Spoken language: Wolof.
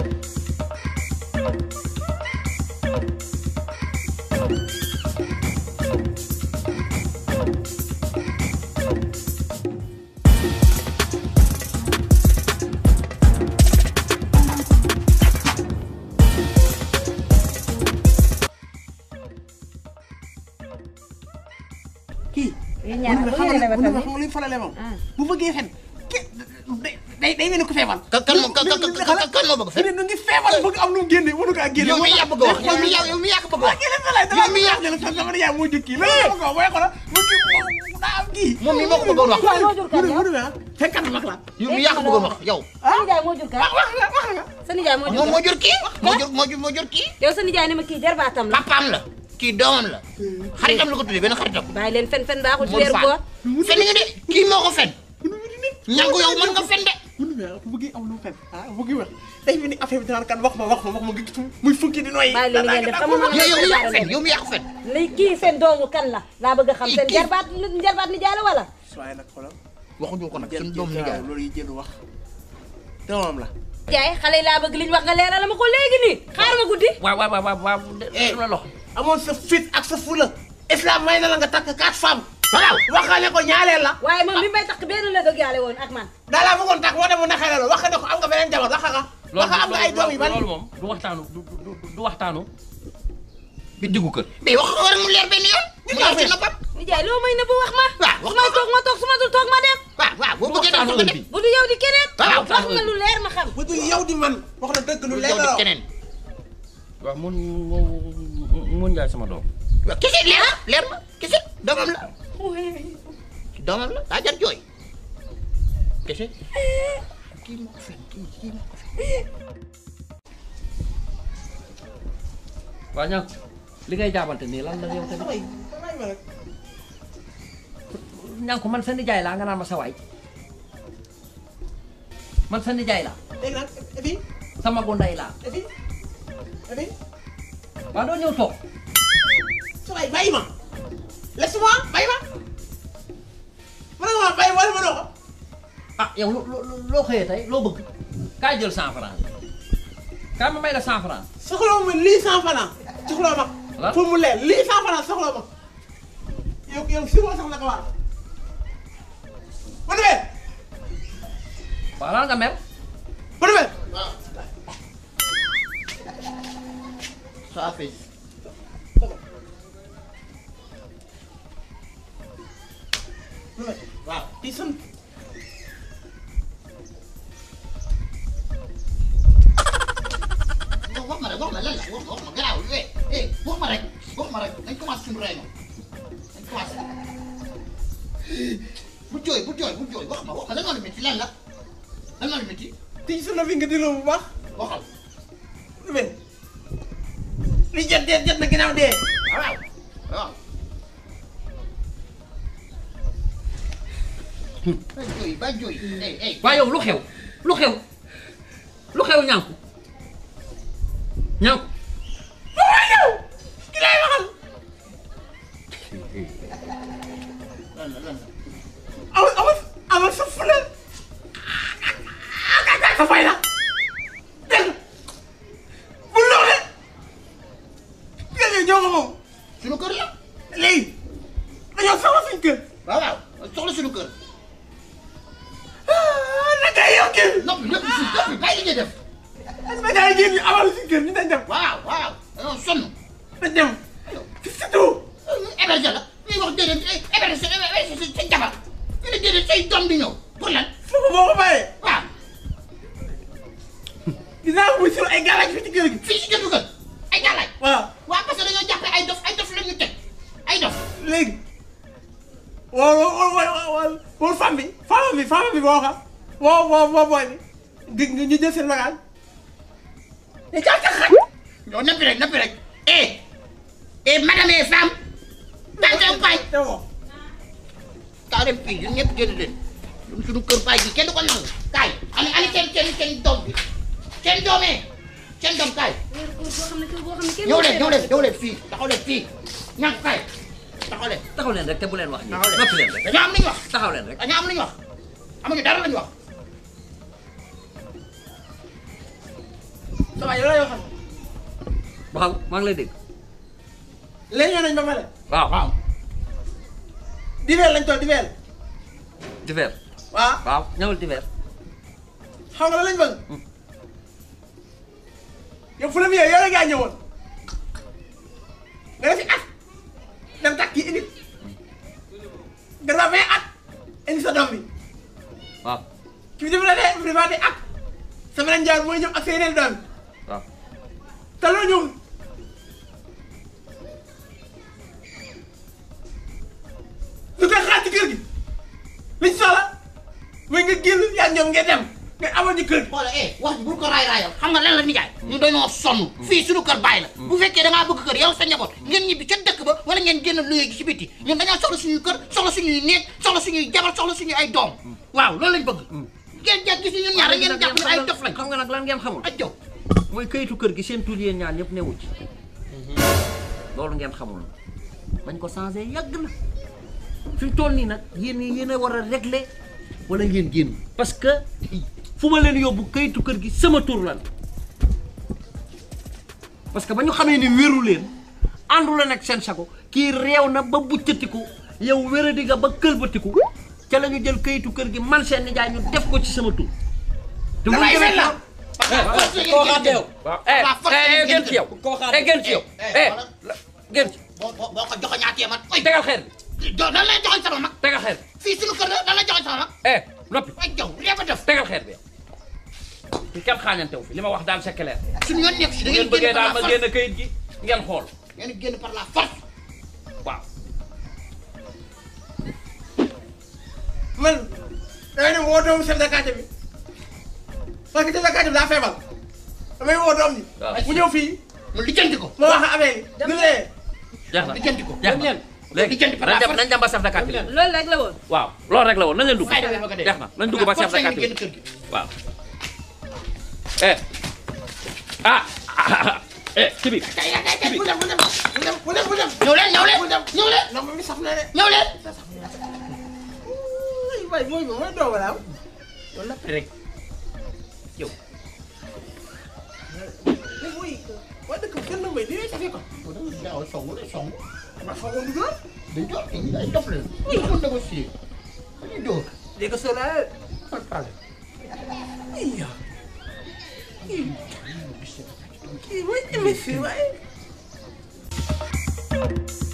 kii. yéen ñaar bu ngeen bu ngeen farale moom bu bëggee fen day day mel ni ku feebal. kan kan kan kan moo bëgg feebal. ngi feebal bëgg am lu mu génne waru kaa génne. yow mi yaa bëgg a wax yow mi yaa yow mi yaa ko bëgg a wax. yow mi yaa yow mi yaa sama yaay moo jukki lan la ko wax xoolal mu kii moom daa am kii. moom mii moo ko bëggoon wax. mu ne mu ne ah fekkat mag la. yow mi yaa ko bëggoon wax yow. ah wax nga wax nga. sa nijaay moo jur moom moo jur kii. moo jur moo jur moo jur kii. yow sa nijaay ne ma kii jarbaatam la. papaam la. kii doomam la xaritam la ko tuddee benn xaritam bàyyi leen fen fen baaxul ci weeru koor fen nga de kii moo ko fen ñangu yow mën nga fen de mënu ma bu bëggee am lu fen ah bu bëggee wax day mel ni affaire bi daan kan wax ma wax ma wax ma nga muy fukki di noyyi. bàyyi li ngeen def amul yow yow yaa ko fen yow yaa ko fen. li kii seen doomu kan la laa bëgg a xam seen jarbaat jarbaat nijaay la wala. waaye nag xoolal waxuñu ko nag seen doomu nijaay loolu yi jënd wax doomam la. jaay xale yi laa bëgg liñ wax nga leeral ma ko léegi nii xaar ma guddi. waaw waaw waaw waaw waaw eh, loxo. amoon sa fit ak sa fula islam may na la nga takk quatre femmes waaw waxaale ko ñaareel la. waaye moom bi may takk benn la dëgg yàlla woon ak man. daal laa bëggoon takk moo demoon naqare la wax nga ne ko am nga beneen jabar wax nga. wax nga am nga ay doom yu bari loolu moom du waxtaanu du du waxtaanu. bi diggu kër. mais wax nga war mu leer benn yoon. ñu ñëw ci noppam. Ndiaye loo may nëbbu wax ma. waaw wax ma toog ma toog su ma dul toog ma dem. waaw waaw boo bëggee def ma def bu du yow di keneen. waaw wax nga lu leer ma xam. bu du yow di man wax na dëgg lu leer la keneen. waaw mun mun Ndiaye sama doom. waaw kese leer na leer na kese doomam la doomam la waa ñaŋ li ngay jaabante nii lan la yow tamit ñaŋ man sa nijaay laa nga naan ma sa waay man sa nijaay laa sa magu ndey laa waa doo ñëw toog sa waay bàyyi ma laisse-moi bàyyi ma sama bay wala ma doo ko ah yow loo loo xëyee tey loo bëgg kaay jël cent franc kaay ma may la cent franc soxloo ma lii cent franc soxloo ma pour mu leer lii cent franc soxloo ma yow yow si moo sax la ko war bu demee waaw lan nga mel bu demee waaw Look. Dis wax ma rek wax ma rek wax ma rek dañ commencé bu jooy bu jooy bu jooy wax ma wax ma lan la métti lan la lan la métti. tij sa nopp yi nga delloo bu baax. waxal. li jot dee jot na ginnaaw dee. waaw waaw. ba jooy ba jooy waaye yow lu xew lu xew lu xew ñànku ñànku waaw waxal amal amal amal sa fula ak ah, ah, ah, sa fay la dégg bu loole ñoo ko moom suñu kër kii. noppi ñëpp si noppi bàyyi li ñuy def. est ce ñu amal si kër ñu dañ dem. waaw waaw dañoo sonn. dañ dem surtout. héberger la ñuy wax déedéet héberger sa sa jabar ñu ne déedéet say doom di ñëw pour lan. foofu boo ko bàyyee. waaw. dinaa muy sur ay garage fii ci kër gi. fii ci kër gi ay garage. waaw waaw parce que dañoo jàppee ay dof ay dof la ñu teg ay dof. léegi. wala wala wala wala femme bi femme bi femme bi boo xam. woo woo woo booy bi dig ñu jël seen bagage ne caa ca xaj yow nappi rek nappi rek eh eh madame et femme tànn pañ kaa dem fii ñun ñëpp génn leen ñun suñu kër baay ji kenn du ko nangu kaay ani ani seen seen seen doom bi seen doomee seen doom kaay ñëw leen ñëw leen ñëw leen fii taxaw leen fii ñàkk kaay taxaw leen taxaw leen rek te bu leen wax ñu noppi leen rek dañoo am lu ñu wax taxaw leen rek dañoo am lu ñu wax amuñu dara la ñu wax waaw yow la yoo xam. maa ngi lay dégg. léegi nañ ba pare. waaw waaw. divers lañ toll divers. divers. waaw waaw ñëwal divers. nga la lañ bëgg. Hmm. yow fu la miyee yow la gaa ñëwoon nga defi at dem takk yi indi gannaaw vingt at indi sa doom waaw. ki bi def la de vraiment day at sama njaar mooy ñëw ak sa yeneen Talonho lu koy xaar ci kër gi liñ soxla mooy nga génn yaa ñoom nga dem nga amoon ñu kër. xoolal eh wax bu ko raay raayal xam nga lan la nijaay. ñu dañoo sonn. fii suñu kër bàyyi la. bu fekkee da bëgg kër yow sa njaboot. ngeen ñibbi ca dëkk ba wala a génn luye gi ci biti ñun dañoo soxla suñuy kër soxla suñuy néeg soxla suñuy jabar soxla suñuy ay doom. waaw loolu lañ bëgg. ngeen jàpp gis ñun ñaar ngeen jàpp ne ay dof lañ. xam nga ngeen xamul ak jow mooy kayitu kër gi seen tur yéen ñaar ñëpp newu ci loolu ngeen xamul bañ ko changé yàgg na fi mu toll nii nag yéen yéen a war a régler wala ngeen génn parce que fu ma leen yóbbu kayitu kër gi sama tur lan parce que ba ñu xamee ni wéru leen àndu la nag seen sago kii reew na ba buccatiku yow wéradi nga ba këlbatiku ca la ñu jël kayitu kër gi man seen nijaay ñu def ko ci sama tur te mu demee koo xaar teew. waaw tey gën ci yow. koo xaar tey gën ci yow. gën ci. boo boo ko joxoon ñaatee man. tegal xeer bi. jo nan lay joxoon sama mag. tegal xeer bi. fii suñu kër nan lay joxoon sama mag. noppi. waaw jaw réew a def. tegal xeer bi yow. fi kenn xaañantew fi li ma wax daal c'est clair. suñu yoon nekk si da ngeen génn par la force ngeen bëggee daal ma génn kayit gi ngeen xool. ngeen génn par la force. waaw. man. da nga ne woo doomu chef de quartier bi. parce que déjà Katim daa feebar damay woo doom ji. mu ñëw fii mu lijjanti ko. ma wax mu nee. jeex na lijjanti ko dem leen. léegi nañ dem ba chef de quartier. loolu rek la woon. waaw loolu rek la woon nañ leen dugg. jeex na nañ dugg ba chef leen eh. ah. eh, ñëw leen ñëw leen. non saf na de ñëw leen. waay mooy mooy doomu laaw loolu la rek. yow. mais mooy waaye dëkk bi kenn nag may lii rek ci ko. kon da nga gaaw a songu rek songu. ndax songu du door. day door kii day dof leen. oui dafa négocier. dañuy door. léegi soo laal. pas de problème. iya. kii mooy émission waaye.